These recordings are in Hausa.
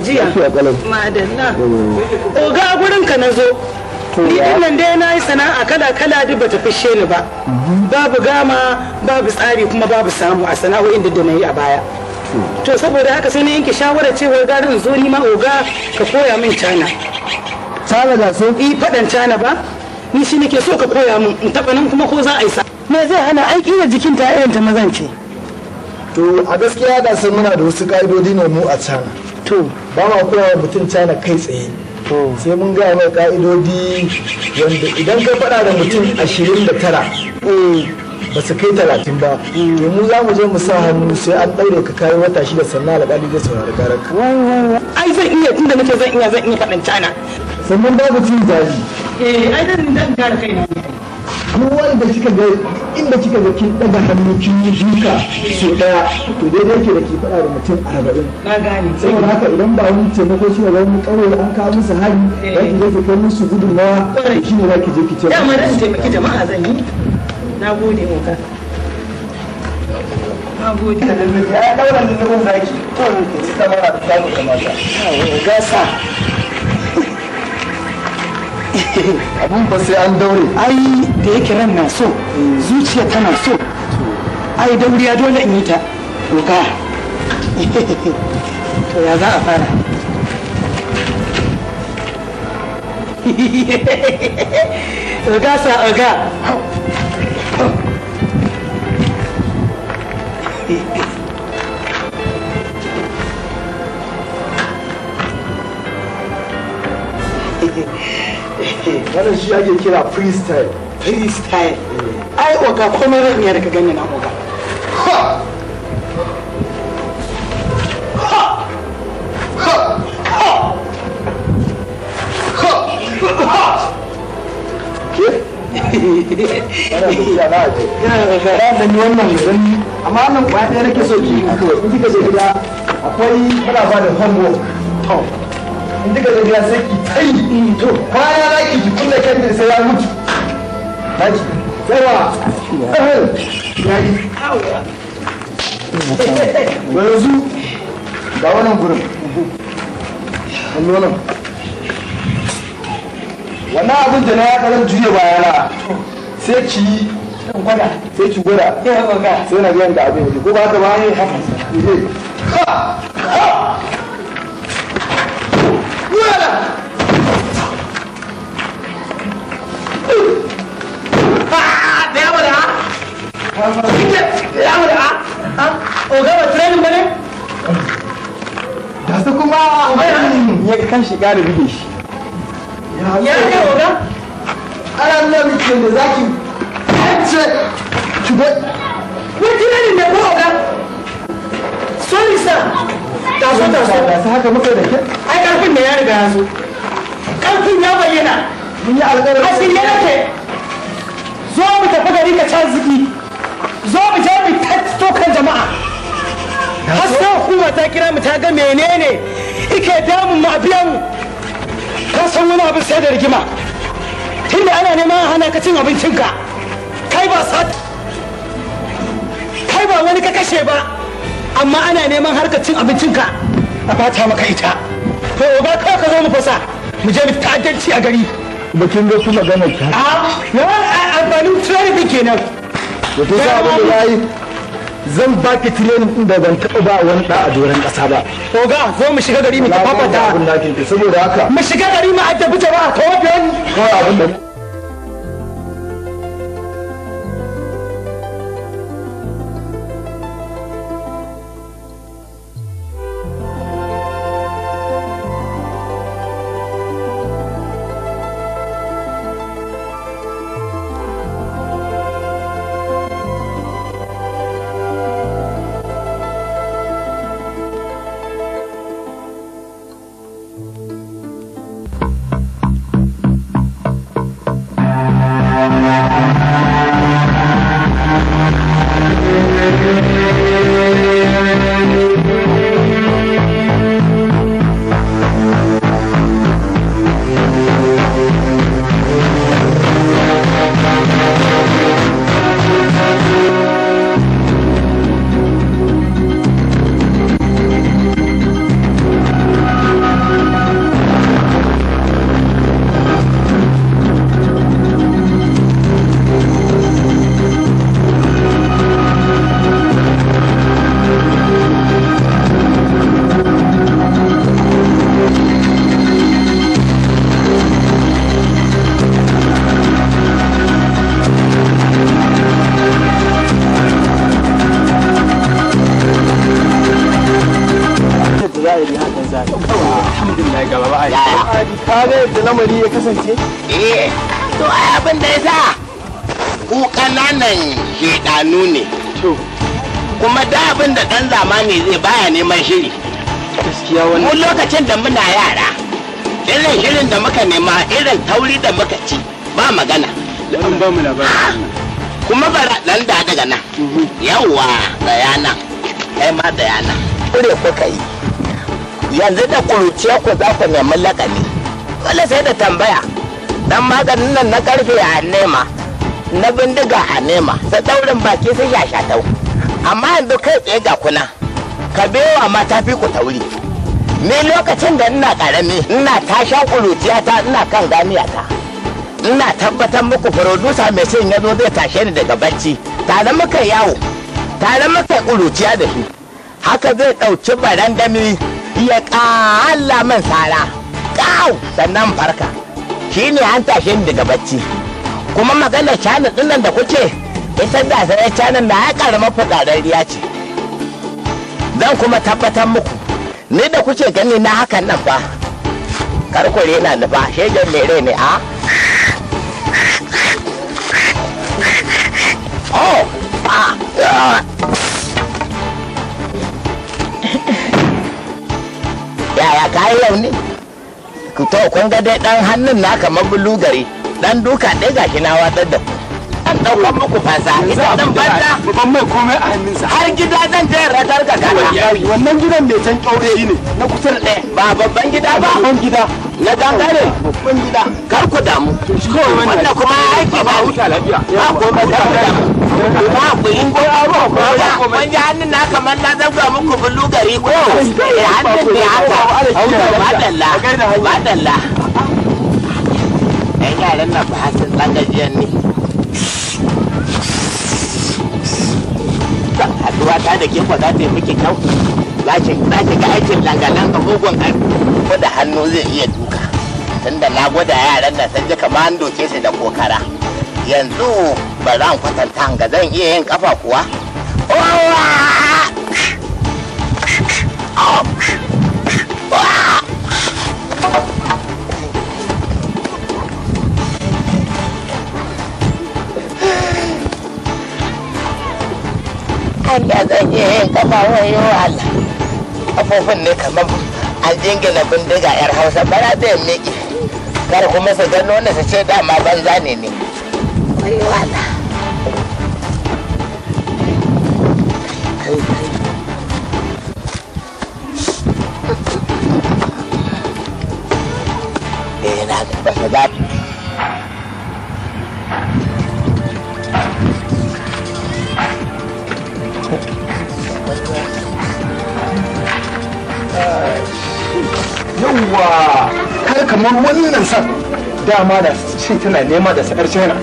jiya madalla mm. oga a gurin ka na zo ni nan dai na yi sana'a kala kala duk bata fishe ni ba mm-hmm. babu gama babu tsari kuma babu samu a sana'o'in da na yi a baya mm. to saboda haka sai na yanke shawarar cewa garin zo ni ma oga ka koya min cana cana ga so i eh, fadan cana ba ni shi nake so ka koya min in taba nan kuma ko za a yi sa me zai hana aiki da jikin ta irin ta mazan ce to a gaskiya da sai muna da wasu ka'idodi ne mu a cana to ba ma kowa mutum cana kai tsaye sai mun gaya mai ka'idodi wanda idan ka faɗa da mutum ashirin da tara ba su kai talatin ba yanzu za mu je mu sa hannu sai an ɗaure ka kayi wata shida sannan alƙali zai saurari karar ka. ai zan iya tunda nake zan iya zan iya faɗin cana. sannan babu cin zaji. eh ai zan dan gara kai na duk wanda kika ga inda kika ga kin daga hannu kin yi duka so daya to daidai ke da ki faɗa da mutum arba'in na gane saboda haka idan ba wani taimako shi ne wani kawai an kawo musu hari eh. za ki je ki kai musu gudunmawa shi ne za ki je ki ce dama da taimaki jama'a zan yi na gode muka na gode da ya daura da zaki to ki mara da kamata gasa abun ba sai an daure ai da yake ran na so zuciya tana so ai dauriya dole in yi ta roka to ya za a fara Oga sa oga. wannan shi ake kira freestyle freestyle eh. ai oga kuma ran ya daga ganin da ganye na oga amma wannan kwaya ɗaya nake so ki ko in kika je gida akwai kana ba da homework in duka da gida sai ki tsayi to kwana na ki ki kulle kan sai ya mutu haji tsawa yanzu ga wannan gurin wannan abin da na ya kalan juya bayana sai gwada sai ki gwada sai na abin ko ba ba ne haka eh. oga ba ne? da su kuma ya kan shiga da shi ya ne oga? ana nuna miki yadda zaki. ki ce wani training da ko oga? sorry sir da so da so da su haka muka da ke? ai karfin da ya riga ya zo karfin ya bayyana mun yi alƙarar asiri yana ke zo mu tafi gari ka can ziki zo mu je mu tatto kan jama'a har sai hukuma ta kira mu ta ga menene ike damun mu a biyan ka san wani abin sai da rigima tunda ana neman hana ka cin abincinka kai ba sa kai ba wani ka kashe ba amma ana neman har ka cin abincinka a bata maka ita to ba ka ka zo mu fasa mu je mu ta'addanci a gari bakin ga su magana ta ah, a yawan amfanin ke kenan to kin abin da yayi zan baki training din da ban taɓa ba wani da a doren ƙasa ba oga zo mu shiga gari mu fafata saboda haka mu shiga gari mu addabi jama'a kawai biyan ko abin da wuri da muka ci ba magana an ba mu labarin ah! kuma ba dan da daga nan mhm. yawa dayana kai ma dayana kure kuka yi yanzu da kuruciya ku za ku nemi lakani Wala sai da tambaya dan maganin nan na karfe a nema na bindiga a nema sai daurin baki sai ya sha tau amma yanzu kai tsaye ga kuna ka bewa mata fi ku tauri ni lokacin da ina karami ina tashan kuruciya ta ina kan ganiya ta ina tabbatar muku furodusa mai son ya zo zai tashe ni daga bacci tare muka yawo tare muka kuruciya da shi haka zai ɗauki barandami ya ƙala man sara ƙaw sannan farka shi ne an tashe ni daga bacci kuma magana canin ɗinnan da kuke ita da sai canin na ya ƙaramar fitsararriya ce zan kuma tabbatar muku ni da kuke gani na hakan nan ba karkure na nufa shegen mere ne a oh, yaya kayi yau ne ku to kun ga dai dan hannun na kamar bulugari dan duka ɗaya gashi na watsar da ku zan daukan muku fansa ita dan banza mai komai a hannunsa har gida zan je ka wannan gidan mai can ne na kusa da ɗaya ba babban gida ba babban gida na dangare babban gida kar ku damu wannan kuma aiki ba huta lafiya ba komai kar ku damu ba ku ko aro ko ya mun ji hannun na kamar na zabga muku bullu gari ko ya hannun ne haka madalla madalla ɗan yaran nan ba su tsangajen ne haduwa ta da ke za ta yi miki kyau za ki ga aikin langa-langa mugun ko da hannu zai iya duka tunda na gwada yaran da sun ji kamar an doke su da kokara yanzu ba za kwatanta ga zan iya yin kafa kuwa yadda zan yi kama wayo Allah kafofin ne kamar na bindiga yar hausa bara zai miƙe kar kuma su gano na su ce dama banza ne ne wayo Allah wannan san dama da ce tana nema da sa'ar china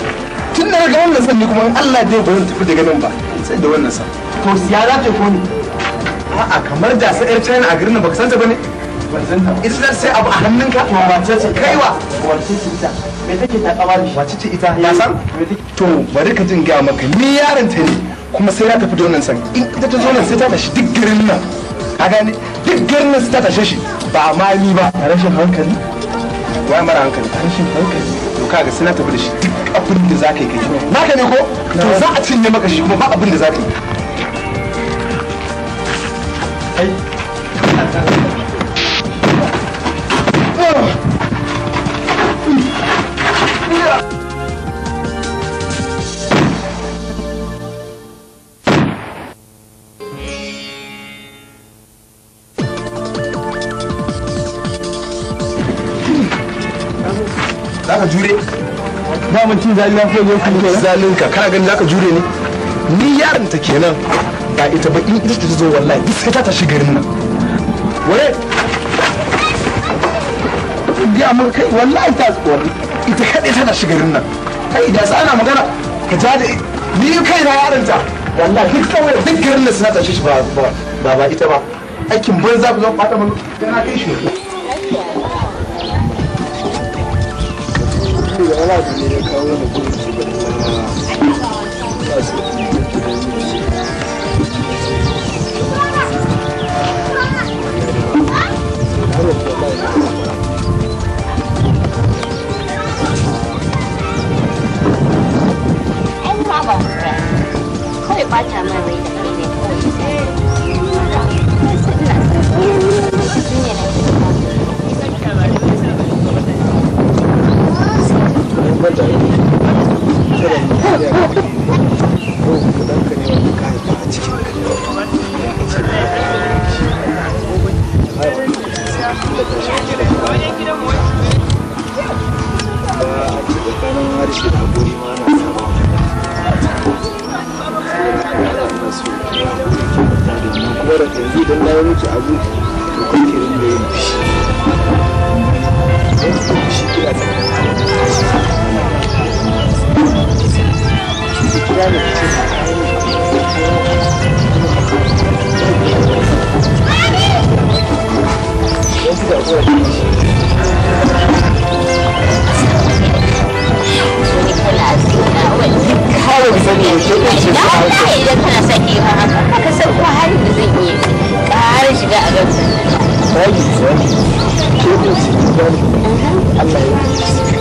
tun da ga wannan san kuma allah dai ba zan tafi daga nan ba sai da wannan san to ya za ta koni a kamar da sa'ar china a garin nan baka san ta bane Islam sai abu a hannunka to wace ce kaiwa wace ce ita me take ta kawar wace ce ita ya san to bari ka jin ga maka ni yaron ta ne kuma sai na tafi da wannan san in ita ta zo nan sai ta tashi duk garin nan ka gane duk garin nan sai ta tashe shi ba ma ba rashin hankali wai mara hankali rashin hankali to kaga sai na tafi da shi duk abin da za ka yi kai naka ne ko to za a cinye maka shi kuma ba abin da za ka yi ai zalin lafiya ne kuma zalin ka kana ganin zaka jure ni ni yaron ta kenan ba ita ba in ita ta zo wallahi sai ta tashi garin nan wai ya mun kai wallahi ta tsori ita kadai tana shigarin nan kai da ana magana ka ja da ni kai na yaron ta wallahi duk kawai duk garin nan suna tashi shi ba ba ita ba aikin banza ku zan fata mun dan na kai shi 我老早你也看我的部《西游记》嘛，老那个《西游记》，西游记。哎呀，妈！banda kiran ya ga yau ne a cikin ka harshe da hakuri ma na sama na so kuma da yanzu idan na Ah,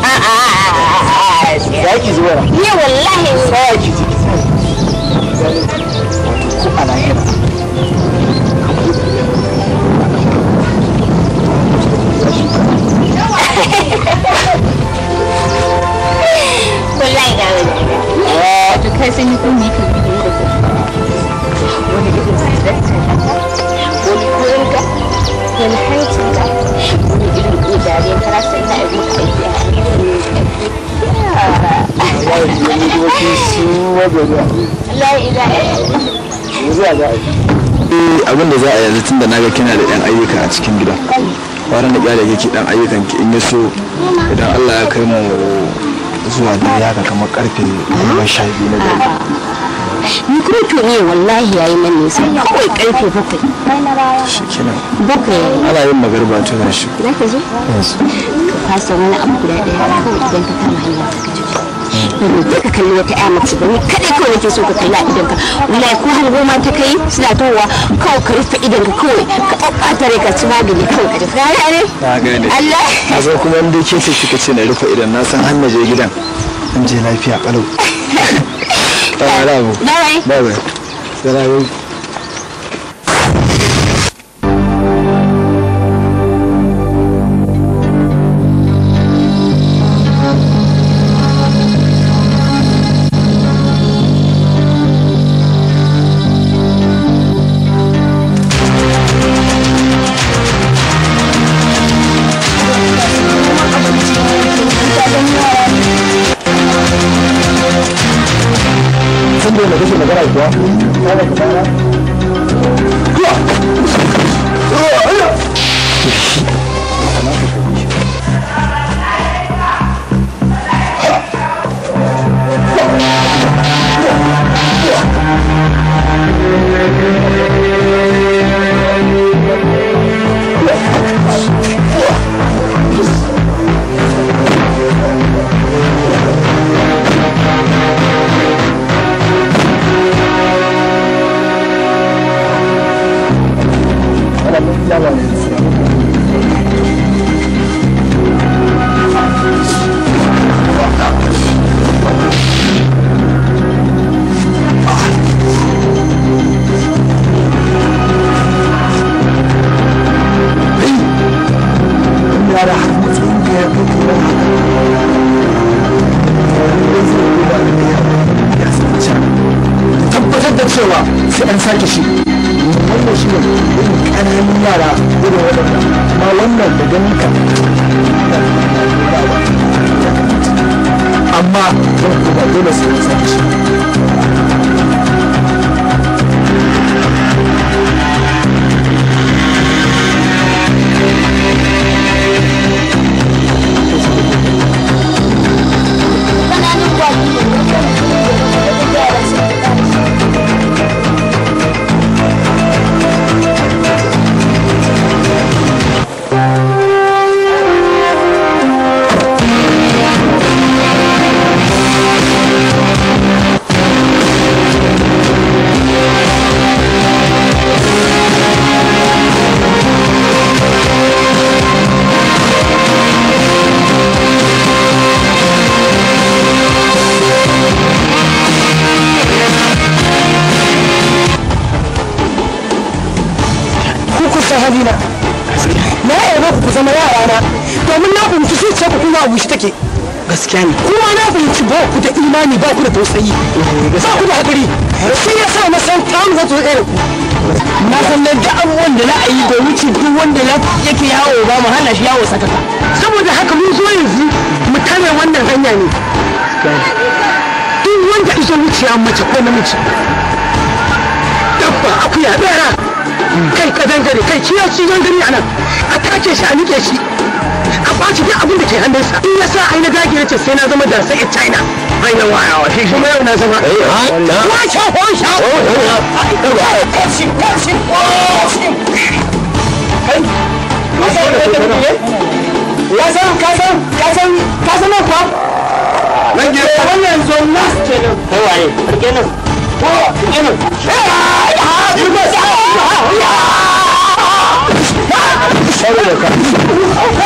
ah, ah, ah. zaki zuwa ni wallahi zaki ko a lahira da wani ah. yi kunni kan da wani irin wani wani wani irin kuma za a abin da za a yanzu tun da na kina da yan ayyuka a cikin gida kwanan da kyale yake dan ayyukan ki in ya so idan Allah ya kai mu zuwa da ya ga kamar karfe goma sha biyu na dare ni kuma to ne wallahi yi nan nisa kawai karfe bakwai shikenan bakwai ana yin magarba tun shi ka zo yes ka san wani abu guda daya kawai idan ka kama hanyar ka ci ba ka kalli wata ya mace ba kaɗai kawai nake so ka kalla a idan ka wallahi ko goma ta kai suna towa kawai ka rufe idan ka kawai ka ɓaɓɓata rai ka ci magani kawai ka tafi gane ne Allah a kuma inda ke ce kika ce na rufe idan na san an je gidan an je lafiya ƙalau. Bye bye. Bye bye. Bye bye. na zama da sai China hanyar wayawa shi kuma yau na zama wa sha ho sha ho kai ka san ka san ka san ka san ka san ka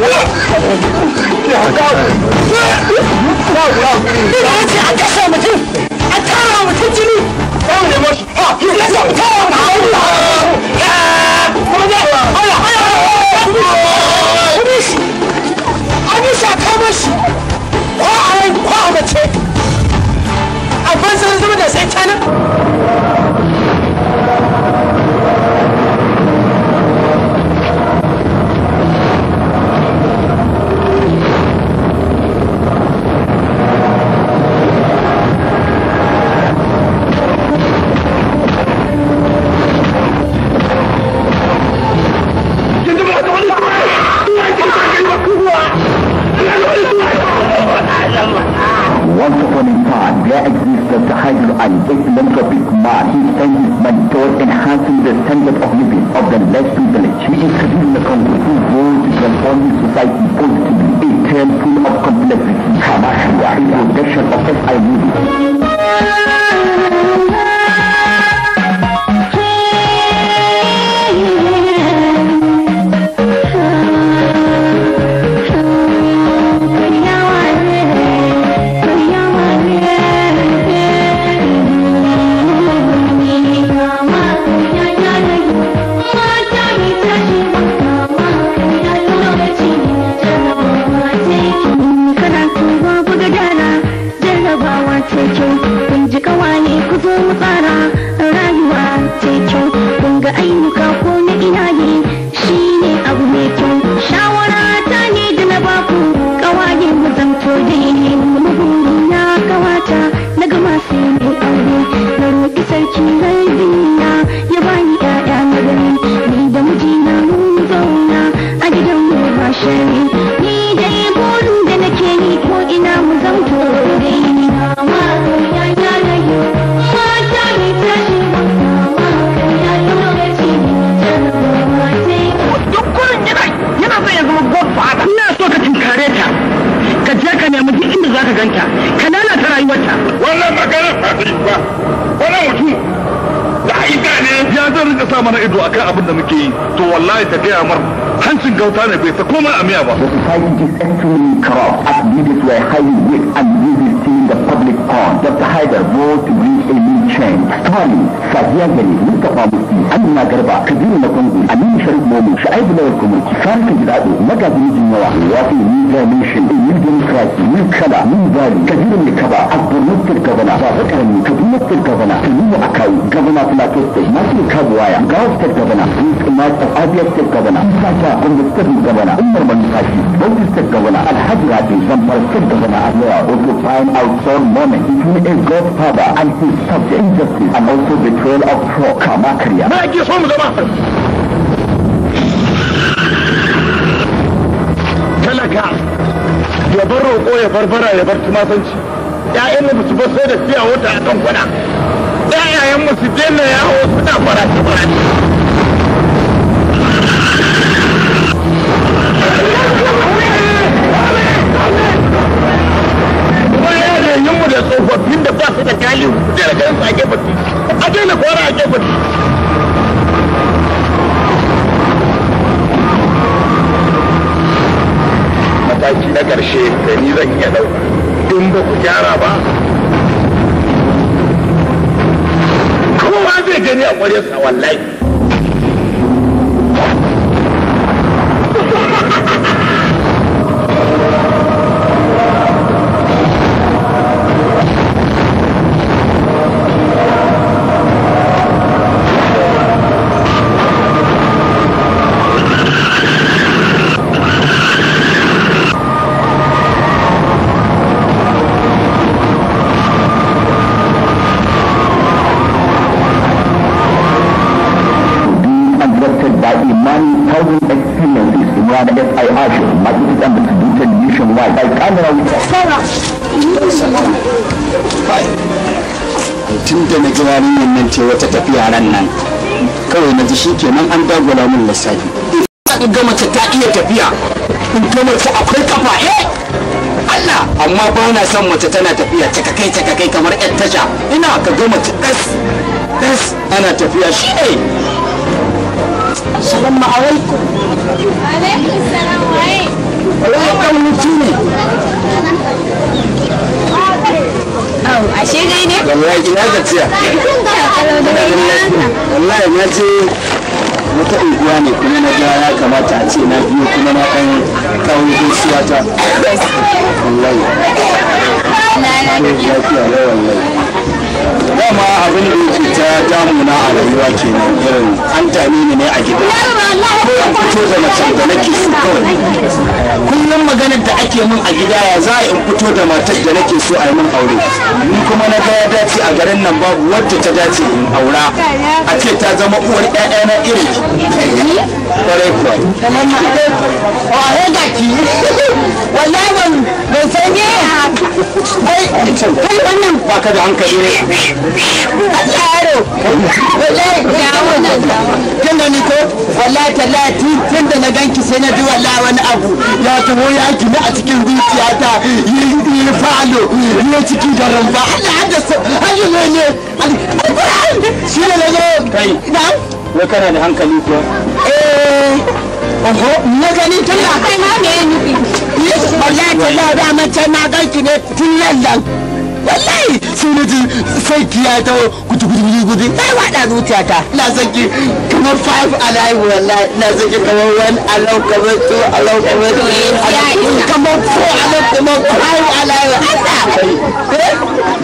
Ni ce an kashe mutum, jini. Ɗan ne mashi, ha, a a a zama da sai Once upon a time, there existed Sahajul Ali, a philanthropic man. He spent his money towards enhancing the standard of living of the less privileged. He introduced the Congo to vote to transform his society positively, a term full of complexity, protection of SI movies. governor Sahakani could not the governor to Lumu Akai, governor Plato State, Matthew Kabwaya, Gao State Governor, Prince Imad of Abia State Governor, Isaka from the State Governor, Umar Manusashi, Bodhi State Governor, Al Hajraji from the State Governor as well, was to find out some moment between a godfather and his subject, injustice, and also betrayal of Pro Kamakria. Make your home the Talaka, ya bar roƙo ya barbara ya bar tumatanci. ya'yan mu su baso da fiya wata kan kwana yayan mu su daina yawo suna farace farace mu da tsofaffin da ba su da galihu su da ganin su a gefe a daina kwana a gefe mataki na ƙarshe da ni zan iya ɗauka in ba ku gyara ba kowa zai gani a ƙwaryarsa wallahi yanzu shi kenan an dagula min lissafi in ga mace ta iya tafiya in ga mace akwai kafa eh Allah amma ba na son mace tana tafiya cakakai cakakai kamar yan tasha ina ka ga mace das das ana tafiya shi ne salamu alaikum alaikum salam wa wai ɗan mutu ashe dai ne da ya ina ka ciya wallahi na je wata unguwa ne kuma na ga ya kamata a ce na biyo kuma na ɗan kawo gaisuwa ta wallahi na lafiya wallahi dama abin da yake ta damuna a rayuwa kenan irin an tani ne ne a gida an fito da macen da nake so kawai kullum maganar da ake min a gida ya za in fito da matar da nake so a yi min aure ni kuma na ga ya dace a garin nan babu wadda ta dace in aura a ce ta zama uwar ƴaƴana irin kwarai Kwarai wallahi ban san ne kai wannan ba ka da hankali ne yaro wallahi ya wannan kin ko wallahi tallahi tun da na ganki sai na ji wallahi wani abu ya taho ya ki na a cikin zuciyata yi yi falo yi ciki da Allah ne ne shi ne kai kana da hankali ko eh oho gani kai ma me nufi ni wallahi tallahi da mace na ganki ne tun lallan wallahi sai na ji sai ki ya taho gudu gudu gudu gudu na wada zuciyata na saki kamar five alive wallahi na saki kamar one alive kamar two alive kamar three alive kamar four alive kamar five alive eh?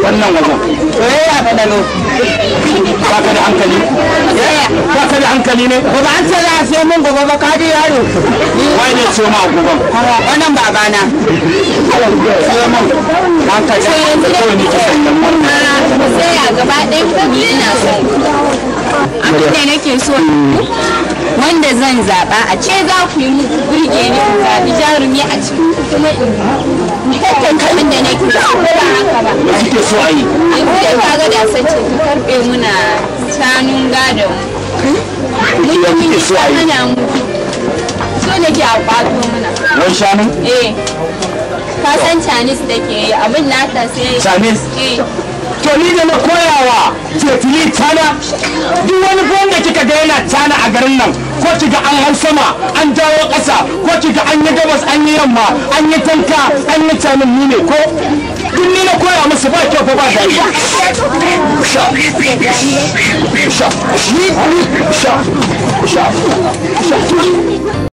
wannan wajen eh a fadano ba ka da hankali ba ka da hankali ne ba ba an ce za a siyo min gobe ba ka ji yaro wai ne siyo ma gobe wannan babana siyo min hankali ko ne ke mu gaba ɗayan ni ina son abin da nake so wanda zan zaɓa a ce za ku yi burge ni in zaɓi jarumi a cikin kuma in tattance abin da nake so ba haka ba. Me kike so a yi? Yanzu da ka ga da sace ka karɓe muna shanun gadon. Mun yi so a yi. So nake a ƙwato muna. Wai shanu? Eh. Ka san Chinese da ke abin nata sai. Chinese? Eh. to da na koyawa cefili tana duk wani da kika ga yana tana a garin nan ko ga an hau sama an dawo ƙasa ko ga an yi gabas an yi yamma an yi tanka an yi tanin ni ko duk ni na koya musu ba kyau ko ba da ni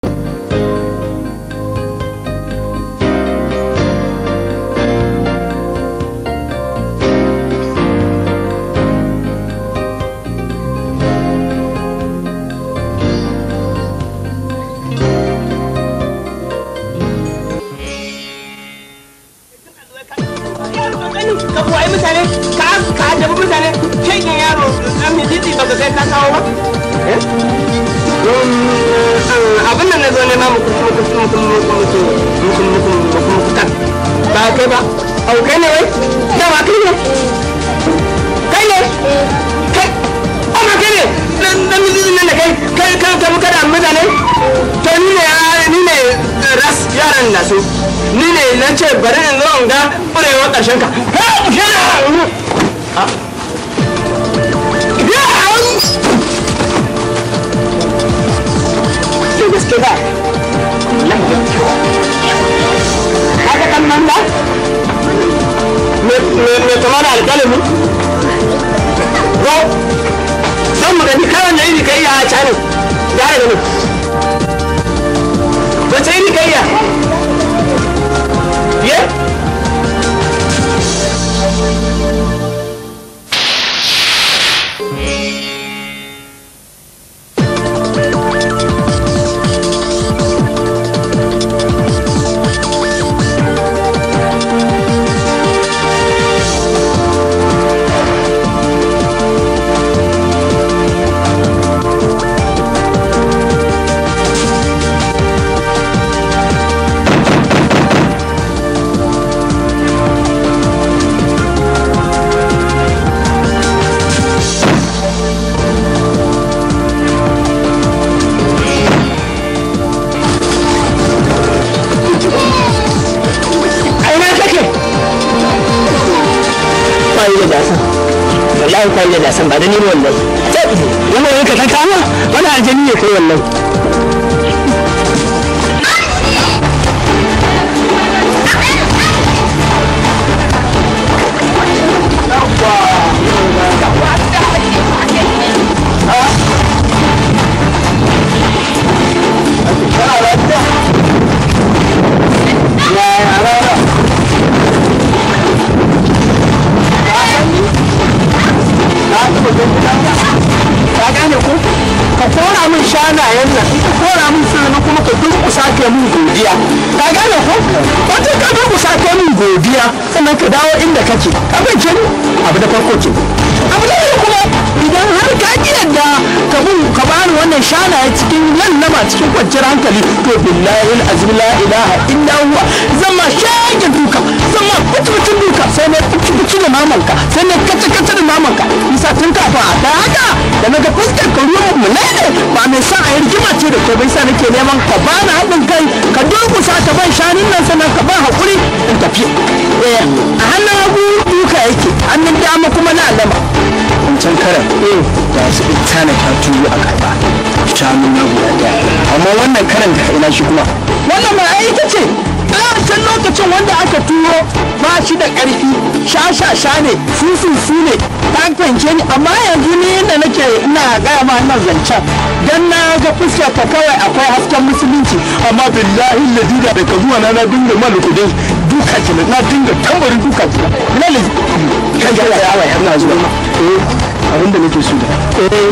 shi kuma wannan ma ai ita ce wancan lokacin wanda aka turo ba shi da ƙarfi sha-sha-sha ne su ne ta fahimce ni amma yanzu ni inda nake ina gaya ma ina zancen dan na ga fuska ta kawai akwai hasken musulunci amma billahi ladida da ka zuwa na na dinga dai duka ki na dinga tambarin duka ki na le kan ga ya wa yana zuwa eh abinda nake so da eh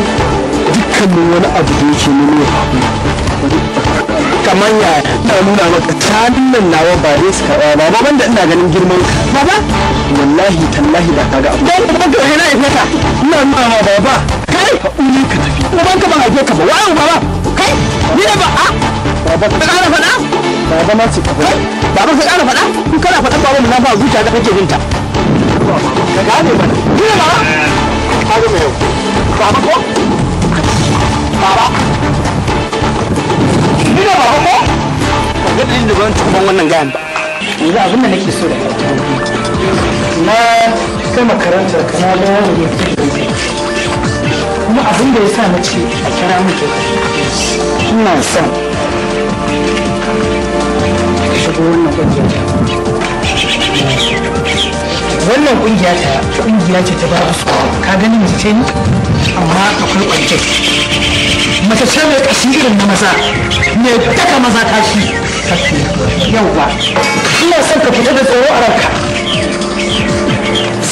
dukkanin wani abu da yake nuna kamar ya na nuna maka tsarin nan nawa ba zai su karɓa ba baban da ina ganin girman baba wallahi tallahi ba kaga abu yana ka ina nuna ma baba kai ka tafi baban ka haife ka ba wayo baba kai ni ba a baba ka faɗa baba ma ce baba ka faɗa in kana faɗa na ba zuciya da kake binta ka gane ni ba ka yau baba ko baba ne baba ko ba ga dalilin da ban tukun wannan gayan ba yanzu abin da nake so da na kai makarantar ka na wani ne kuma abin da ya sa na ce a kira muke ina son shigo wannan ƙungiyar wannan kungiya ta kungiya ce ta ba su ka gani mace ce amma akwai kwanke. mace ce mai kashi irin na maza ne daga maza kashi yauwa ina son ka fita da tsoro a ranka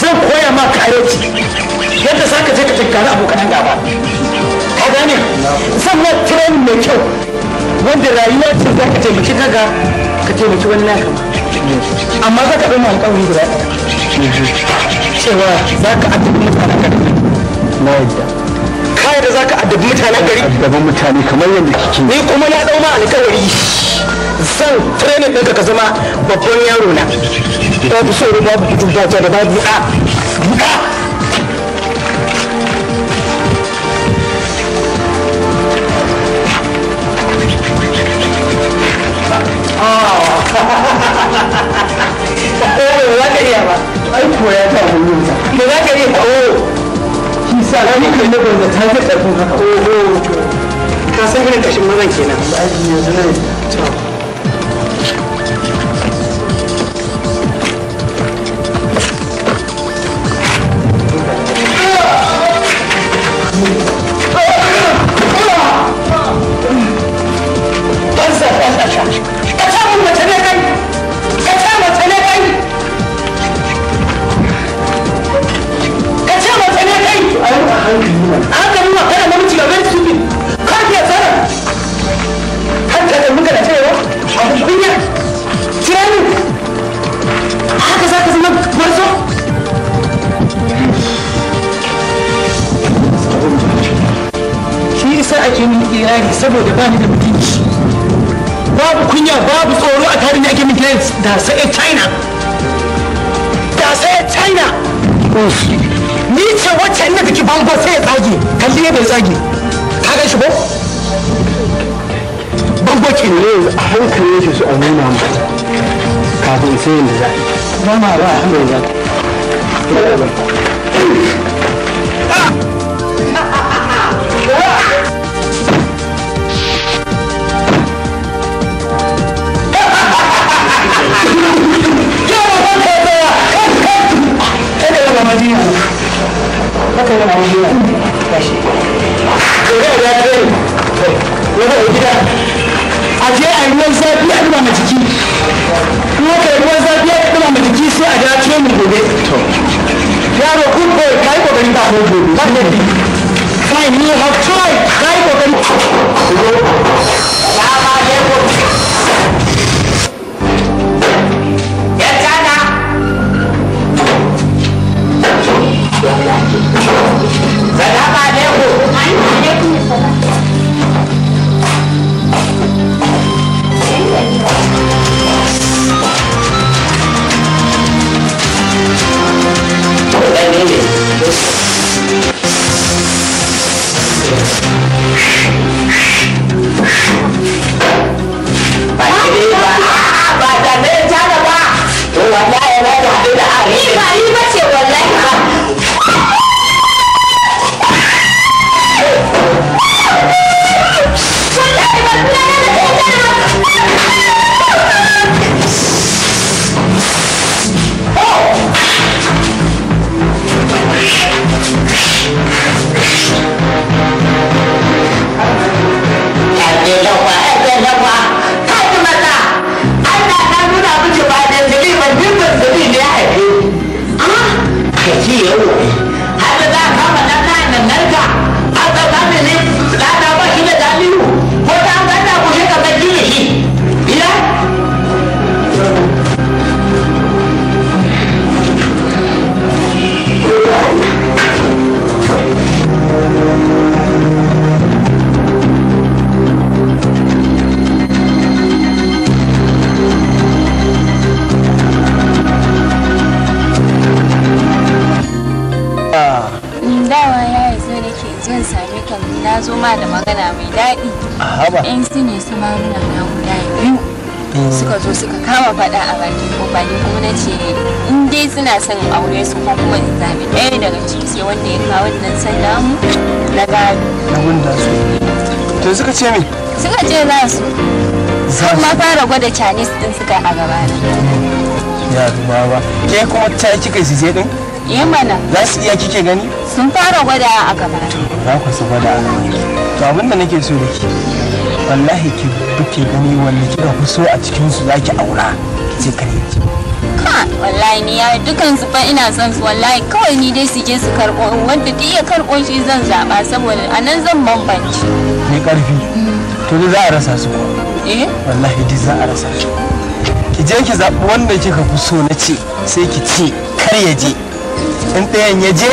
zan koya ma kareci yadda za ka je ka tankari abokan gaba ka gane zan ma training mai kyau wanda rayuwa ce za ka taimaki kaga ka taimaki wani naka amma za ka ɗan ma alƙawari guda cewa za ka addabi mutane ka na yadda yadda da ka addabi mutanen gari addaban mutane kamar yadda kike ni kuma na dau ma alƙawari zan training ɗinka ka zama babban yaro na babu sauri babu kudu ba da babu a sun ma fara gwada chinese din suka a gaba na ya duba ba ke kuma ta kika sise din yi eh, mana za su iya kike gani sun fara gwada a gaba za ku su gwada a gaba to abin da nake so da ke wallahi ki kuke gani wanda kika fi so a cikin su zaki aura ce kare ki ka wallahi ni ya dukan su fa ina son su wallahi kawai ni dai su je su karɓo wanda duk ya karɓo shi zan zaɓa saboda anan zan bambance ni karfi. to za a rasa su ko Eh? wallahi duk za a rasa ki je ki zaɓi wanda kika fi so na ce sai ki ce kar ya je in ɗayan ya je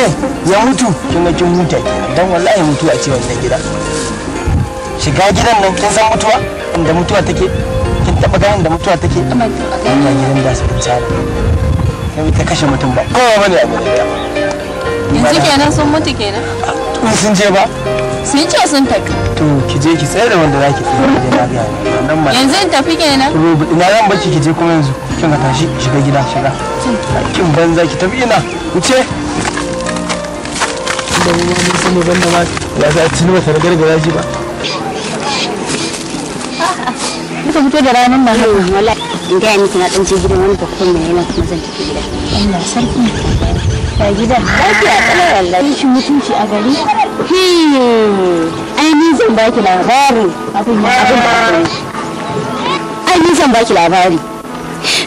ya mutu kin ga kin huta dan wallahi mutuwa ce wannan gida shiga gidan nan kin san mutuwa inda mutuwa take kin taɓa ganin da mutuwa take amma gidan da su tsara sai ta kashe mutum ba kowa bane a gurin yanzu kenan sun mutu kenan in sun je ba sun ce sun tafi to ki je ki wanda zaki fi da na ga yanzu in tafi kenan to ina ki je kuma yanzu kin ka tashi shiga gida shiga kin banza ki tafi ina wuce da ruwa ya za ci ba tare gargara ba Muka fito da ranar Wallahi, in miki na gidan wani mai yana kuma zan tafi gida. Allah sarki. mutunci a gari. Hmm. Ainihin zan baki labari abin da ni zan baki labari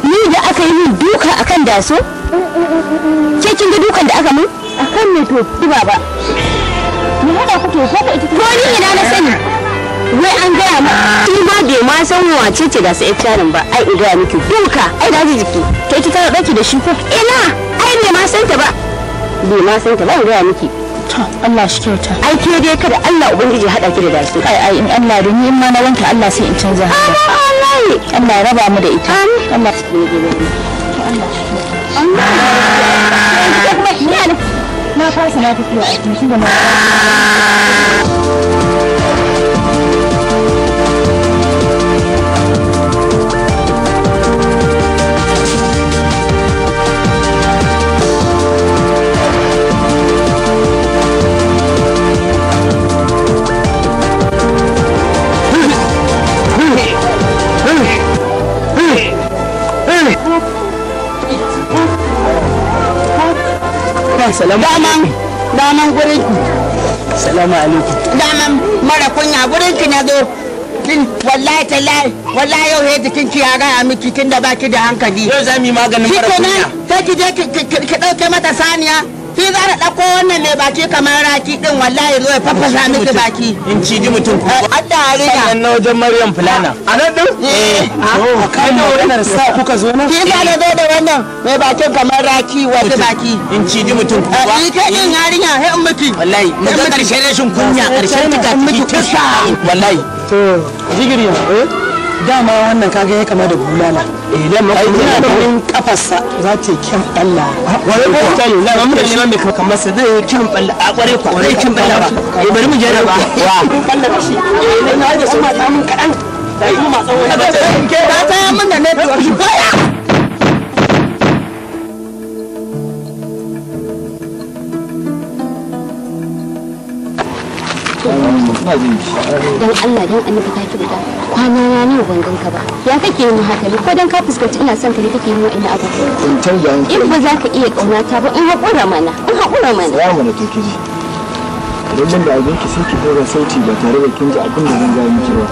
ni da aka yi min duka akan daso ke kin ga dukan da aka mun akan ne to duba ba ni hada ku to ko ita ko ni ina na sani wai an gaya ma shi ma bai ma san wace ce da sai nan ba ai idan miki duka ai da jiki ke ita ta dauki da shi ko ina ai bai ma san ta ba bai ma san ta ba in gaya miki Allah shi kyauta ai ke dai kada Allah ubangiji hada ki da dace ai ai in Allah da ni in ma na wanka Allah sai in canza haka Allah ya raba mu da ita Allah shi Allah na fasa na fito a cikin da Abban daman daman gurin ki salamu alaikum daman mara kunya gurin ki na zo kin wallahi tallahi wallahi yau he jikin ki ya gaya miki tunda baki da hankali yau za yi maganin mara kunya sai ki je ki dauke mata saniya Ki za da ɗauko wannan mai baki kamar raki ɗin wallahi zo ya fafasa miki baki in ci ji mutum Allah ya rika sannan na wajen Maryam fulana a nan din eh ah. oh kai wannan sa kuka zo nan Ki za da zo da wannan mai baki kamar raki wani baki in ci ji mutum ko eh, ba ni kai din yarinya he in miki wallahi mu ga karshen rashin kunya karshen eh, tuka tuka wallahi to jigiriya eh dama wannan kaga ya kama da bulala idan eh, ma kuma da ganin kafarsa za ta kyan balla ah, wani ko ta yi na mun da shi mai kaka masa zai kyan balla a kware ku zai kyan balla ba eh bari mu je da ba wa balla shi idan na da su ma ta mun kadan da kuma ma tsawon da ta yi mun da network shi baya dan Allah don Allah ka ki guda kwana ya nawa ban ganka ba ya kake yi haka ne ko dan ka fuskanci ina son ka ne kake yi wa'in abu in canza hankali in ba za ka iya kaunata ba in haƙura mana in haƙura mana ya mana to ki ji idan da abin ki sai ki dora sauti ba tare da kin ji abin da zan gaya miki ba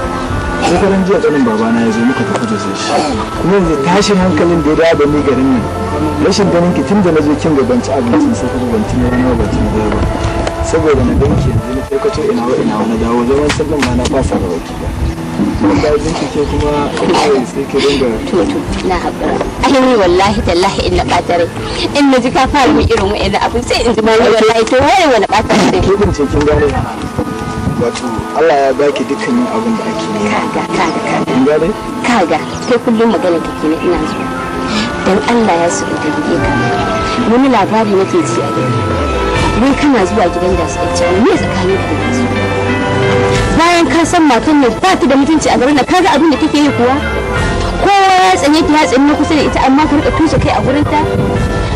shekaran jiya tsanin babana ya zo muka tafi da zai kuma yanzu tashin hankalin da ya dawo da ni garin nan rashin ganin ki tun da na je kin gabanci banci abincin safar banci na wani banci na ba saboda na danki yanzu na farkato ina wa ina wani dawo zaman sallan ma na fasa da baki ba mun da bincike kuma kai sai ke dinga to to na haƙura ai wallahi tallahi in na ɓata rai in na ji ka fara min irin na abu sai in ji ma ni wallahi to waye wani ɓata rai ke binciken gare wato Allah ya baki dukkanin abin da ake yi kaga kaga kaga gare kaga kai kullum magana kake ne ina so dan Allah ya so da tambaye ka wani labari nake ji a gari wai kana zuwa gidan da su ake me tsakanin ku da su bayan ka san matan nan ba ta da mutunci a garin nan kaga abin da take yi kuwa kowa ya tsane ta ya tsane na kusa da ita amma ka rika tusa kai a gurin ta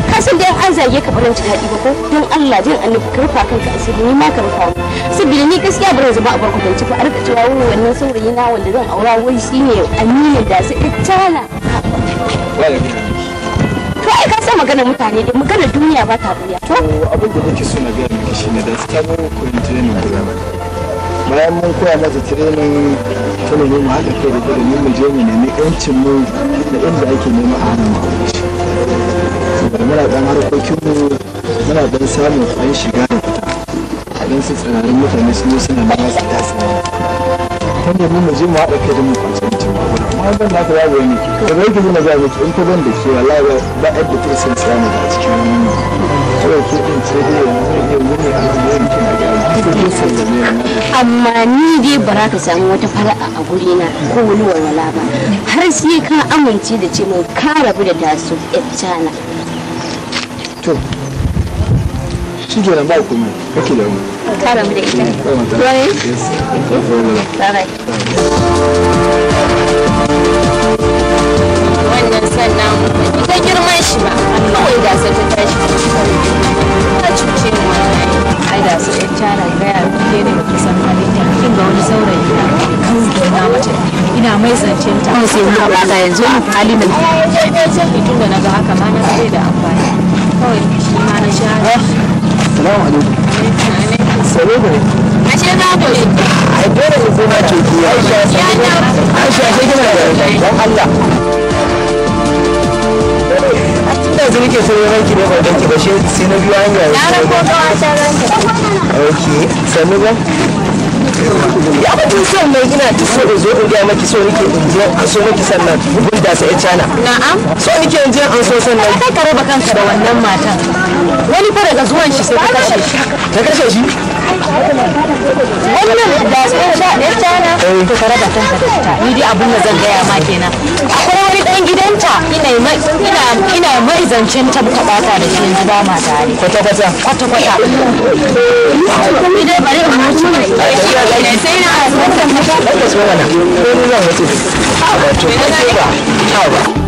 ka san dai an zage ka farin ci hadi ba ko don Allah jin annabi ka rufa kanka asiri ni ma ka rufa saboda ni gaskiya ba zan ba a barkwatanci ba a rika cewa wani wannan saurayi na wanda zan aura wai shine aminin da su ittala to ai ka san magana mutane da magana duniya ba ta buya to abin da nake so na ga miki shine da tsamo ku injinin gudanar bayan mun koya mata training ta nemi mu haɗa kai da ta domin mu je mu nemi yancin mu da inda ake nema a hannun abinci saboda muna ɗan harkokin mu muna ɗan samun ɗan shiga da fita a ɗan su tsirarin mutane su suna nema su tasa ta nemi mu je mu haɗa kai da mu kwanci mutum ba wani amma ban naka babu wani ke da yake zama za mu ki in ka ban da ke wallahi ba ɗan da tursan samu da cikin wani ɗauke amma ni dai ba za ka samu wata fara'a a gurina ko wani walwala ba har sai ka amince da ce mai ka rabu da taso ƴaccana to shi ke nan ba kuma kake da mu ka rabu da ita to ne bye bye nan namu ita girman shi ba kawai da sai ta tashi ta cuce ai da su ɗan gaya ne ba kusan halitta kin ga wani saurayi na kan na mace ina mai zancen ta sai yanzu da tun da haka ma na sai da amfani kawai shi ma na sha alaikum alaikum ashe dole ne sai na ce ki sai kina da Allah yanzu nike so ne ranki ne ban danki ba shi sai na biyu hanya ya a kawata ranki okay sannu ba ya ba tun son mai gina ta so da zo in gaya maki so nike in je an so maki sannan bugun da sai cana na'am so nike in je an so sannan kai ka raba kanka da wannan matan wani fara ga zuwan shi sai ka kashe shi ka kashe shi wannan da sai cana eh. to ka raba kanka da ita ni dai abin da zan gaya ma kenan akwai wani ɗan gidanta ina mai zancen tabka bata da shi yanzu ba ma tare kwata kwata kwata kwata dai sai na san da mata da ko ni zan mutu ba ba ba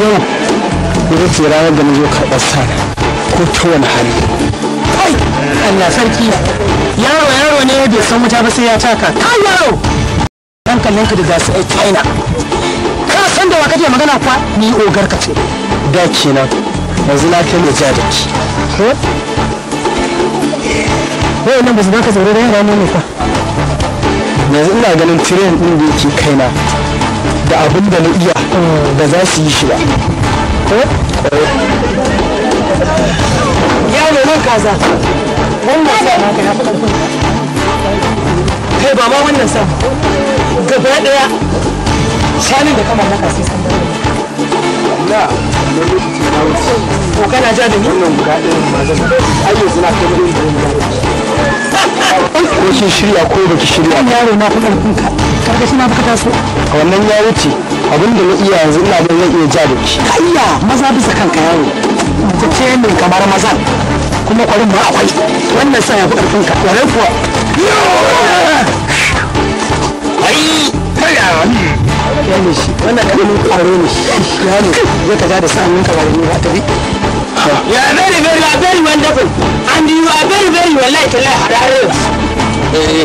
yau ita ce ranar da na zo karɓar sa ko ta wani hali kai allah sarki yaro yaro ne bai san wuta ba sai ya taka kai yaro Dan ka da za su aiki aina ka san da wa kake magana kwa ni ogar ka ce da kenan yanzu na kai ja da ki wai nan ba su baka zaure da yara ne ne fa yanzu ina ganin tiren din da yake kaina da abin da na iya ba za su yi shi ba yaro nan kaza wannan sa ma ka yafi ɗaukun kai ba ma wannan sa gaba daya shanin da ka mallaka sai san na ko kana ja da ni wannan guda ɗaya ma zan ai yanzu na kai mutum da ko shi shirya ko baki shirya yaro na kuma ɗaukun karkashin na baka taso wannan ya wuce abin da na iya yanzu ina zan iya ja da shi kayya maza bisa kanka ta ce ne kamar mazan kuma kwarin ma akwai wannan sa ya fi karfin ka kwarin kuwa ai kaya ya ne shi wannan karamin kwaro ne ya ne zai ka ja da sa'anin ka ba da ni ba ta bi you are very very you are very wonderful and you are very very wallahi tallahi harare eh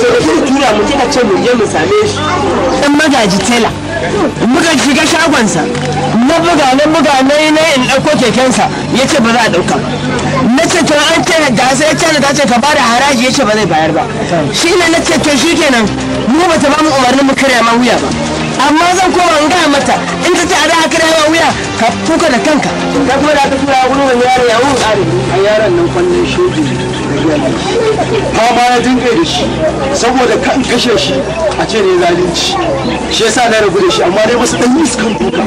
so da shi tura mu kika ce mu je mu same shi dan magaji tela muka shiga shagonsa na buga na buga na yi na in ɗauko kekensa ya ce ba za a ɗauka na ce to an ce da sai ce ta ce ka bada haraji ya ce ba zai bayar ba shi ne na ce to shi kenan mu ba ta ba mu umarnin mu karya ma wuya ba amma zan koma in gaya mata in ta ce a da haka yawa wuya ka kuka da kanka ta kuma da aka tura wurin wani yaro ya wuce tsari a yaron nan kwallon shodi ma ba ya dinga da shi saboda kan kashe shi a ce ne zalunci shi yasa na rabu da shi amma dai masu dan iskan duka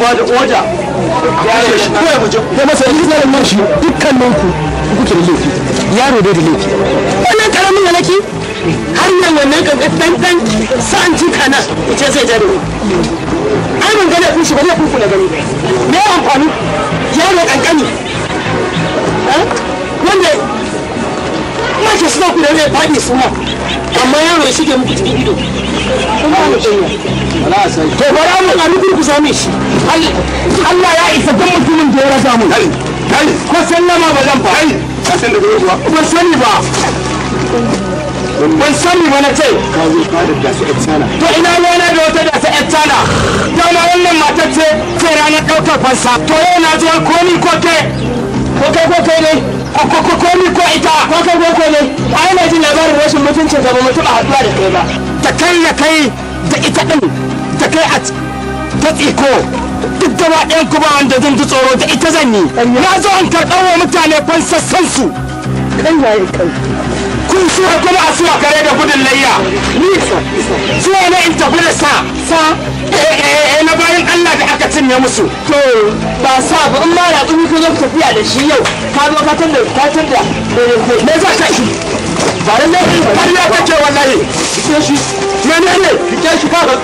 ba da oda ya yi shi kawai mu je da masa iskan nan shi dukkan nan ku kuke da laifi yaro dai da laifi wannan karamin da nake har nan wannan kankan dan sa'an jika na ce zai jare ai ban gane fushi ba zai fuku na gani me amfani yaro kankani wanda kuma ke suna ku zai faɗi suna amma yaro ya shige muku cikin ido kuma ana janya to bara mun a rukun ku shi Allah ya isa don mutumin da ya rasa mu ko sallama ba zan ba sani ba ban sani ba ce ka zo ka da su etsana to ina rana da wata da su etsana dama wannan matar ce ce ranar ɗaukar fansa to yau na zuwa ko ni ko ke ko kai ko kai ne ko ko ni ko ita ko kai ko kai ne a yana ji labarin rashin mutuncin ka ba mu taɓa haɗuwa da kai ba ta kai ya kai da ita ɗin ta kai a ta tsiko duk gaba ɗayan kuma wanda zan ji tsoro da ita zan yi na zo an karɓar wa mutane fansassansu ɗan yayi kai kun suwa kuma a suwa kare da gudun layya suwa na in tafi da sa sa eh, eh, eh, na bayan Allah da aka cinye musu to ba sa ba in ma ya tsumi zo tafiya da shi yau ka zo ka tanda ka tanda me za ka shi ba da ne har ya kace wallahi ke shi ne ne ke shi ka ga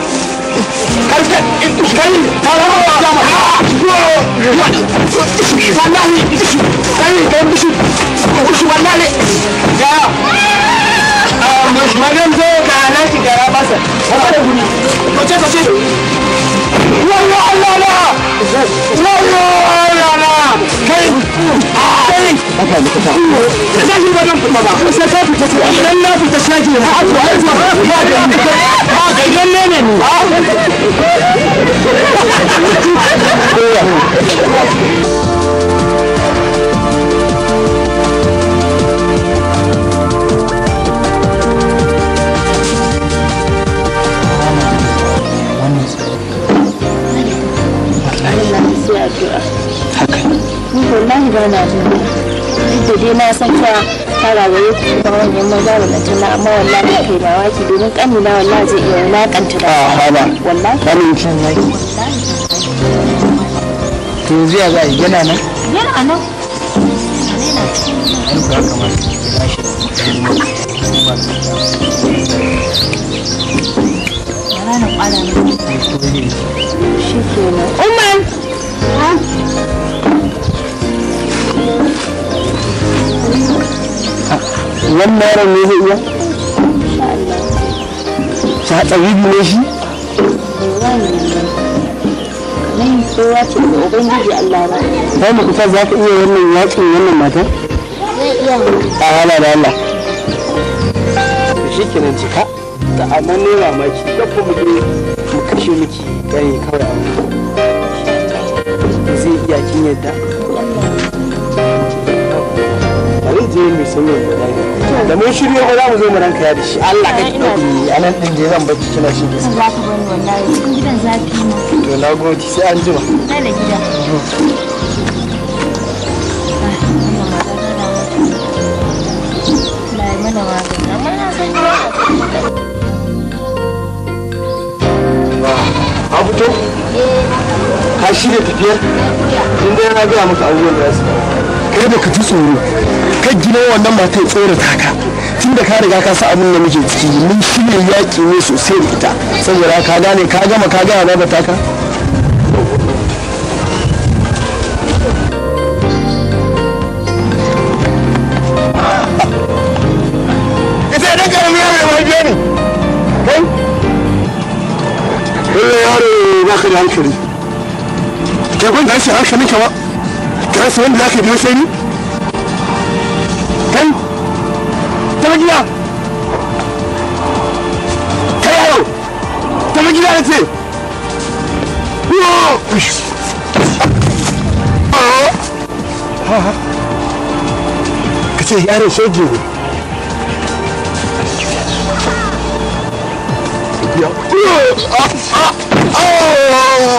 kai ta rawa da ma ah, ah, ah. wallahi kai kai wallahi Maryam zo ga na shiga na. yi kusa. Sai ba nan ne ne addu'a haka ni wallahi ba na jin da dai na san cewa ta maza wannan na amma wallahi domin na wallahi zai iya wulakanta da ah, wallahi wallahi to yanzu ya za yana nan yana nan Umma wannan yaron ne zai iya ta tsaribi ne shi Bai mu kusa za ka iya wannan yakin wannan A hala da Shi kenan cika amma mu kashe miki kawai zai je da mun shirya ba za mu zo mu ranka ya da shi Allah ka kike eh, a nan din je zan kina shi za bani wallahi cikin gidan zafi to na gode sai an jima gida a fito eh, ka shirya tafiyar in dai na gaya maka abubuwan da su kai da ka ji tsoro kai gina wannan mata ya tsorata ka tun da ka riga ka sa abin da muke ciki mun shirya yaƙi ne sosai da ita saboda ka gane ka gama ka gaya ba ta ka ba ka da hankali. kai ban tashi hankalinka ba ka rasa wanda zaka biyo sai ni gida kai yaro ta gida da ce ka ce ne Yeah.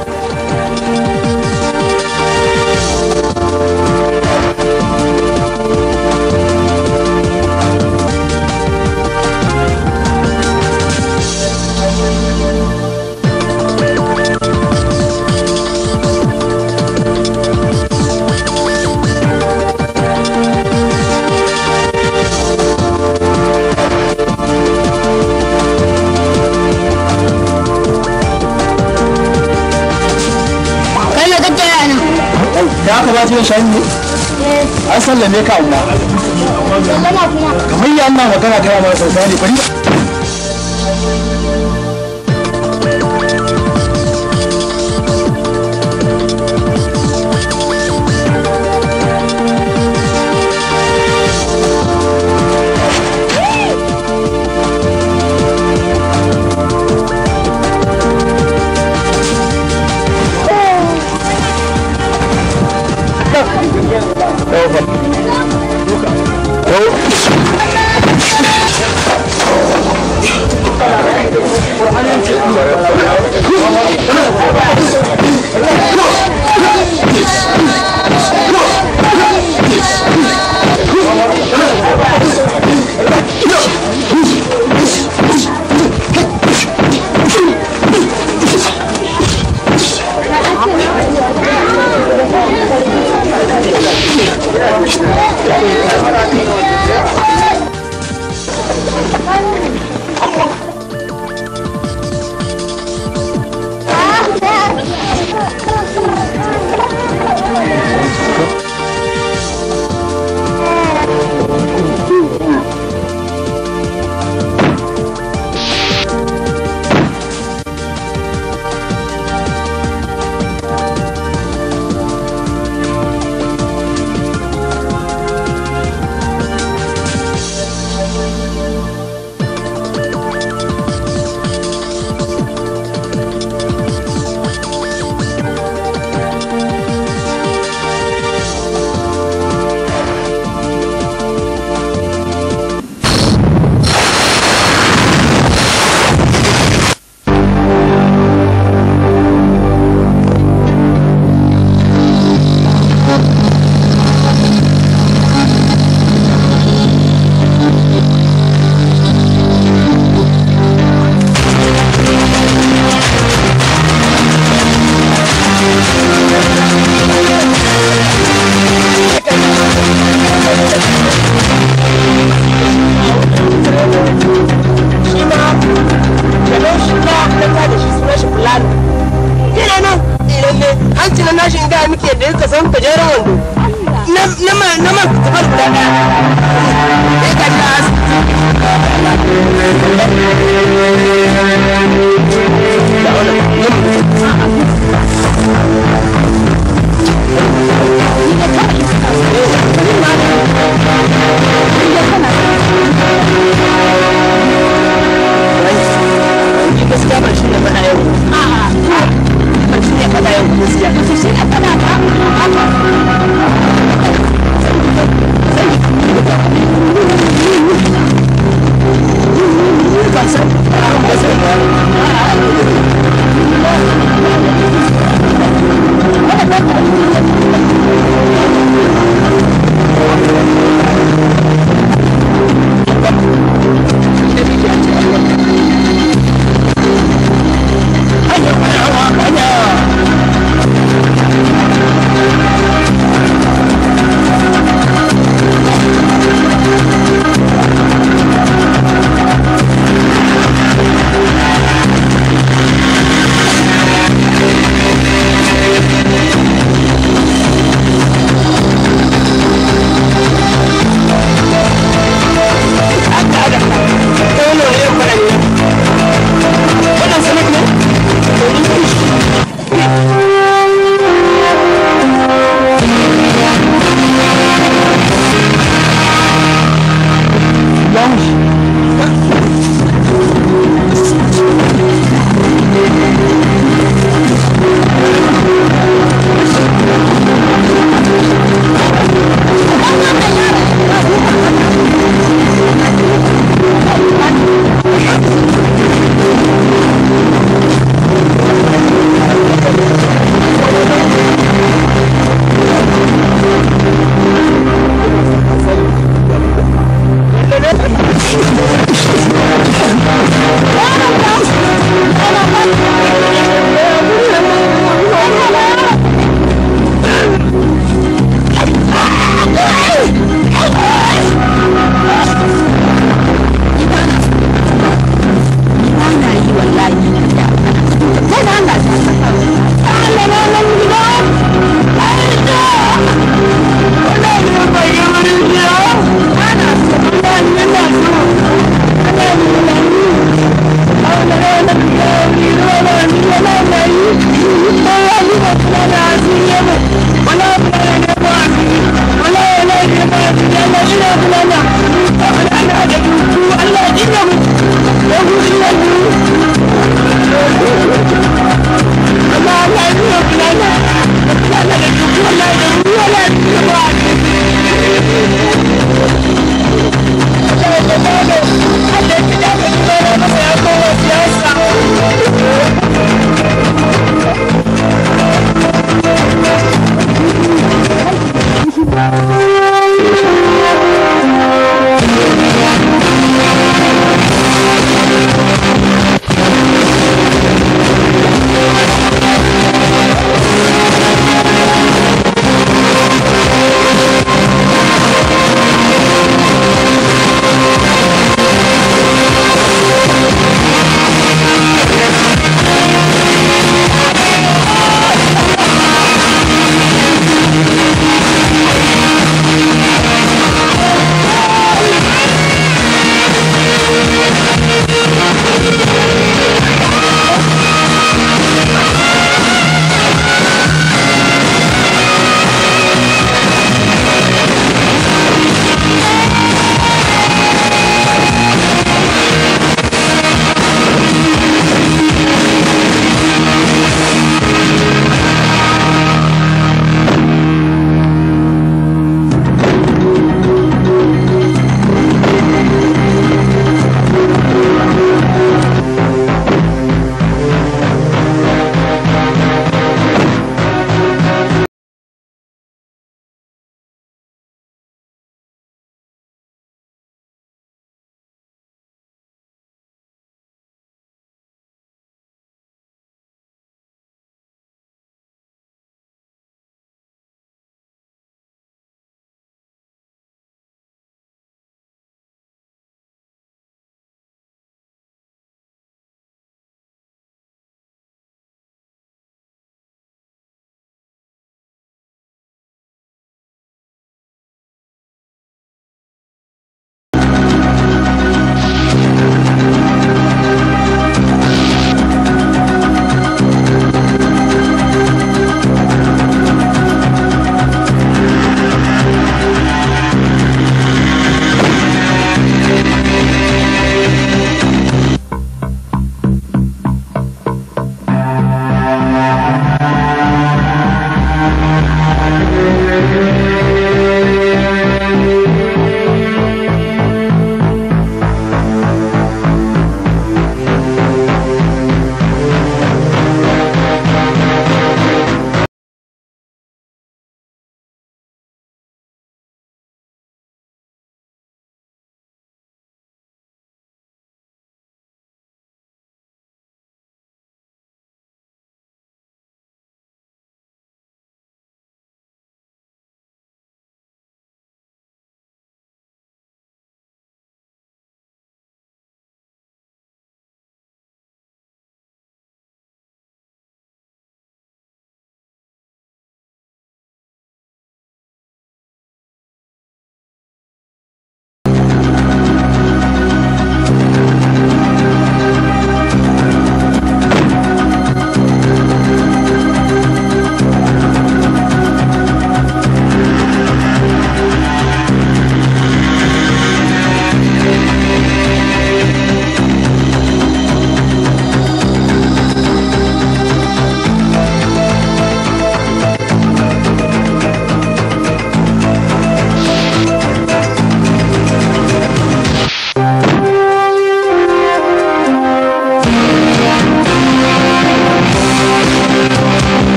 wannan shayi ne an sallame ka amma kamar yi an na magana gaya ma sau sani bari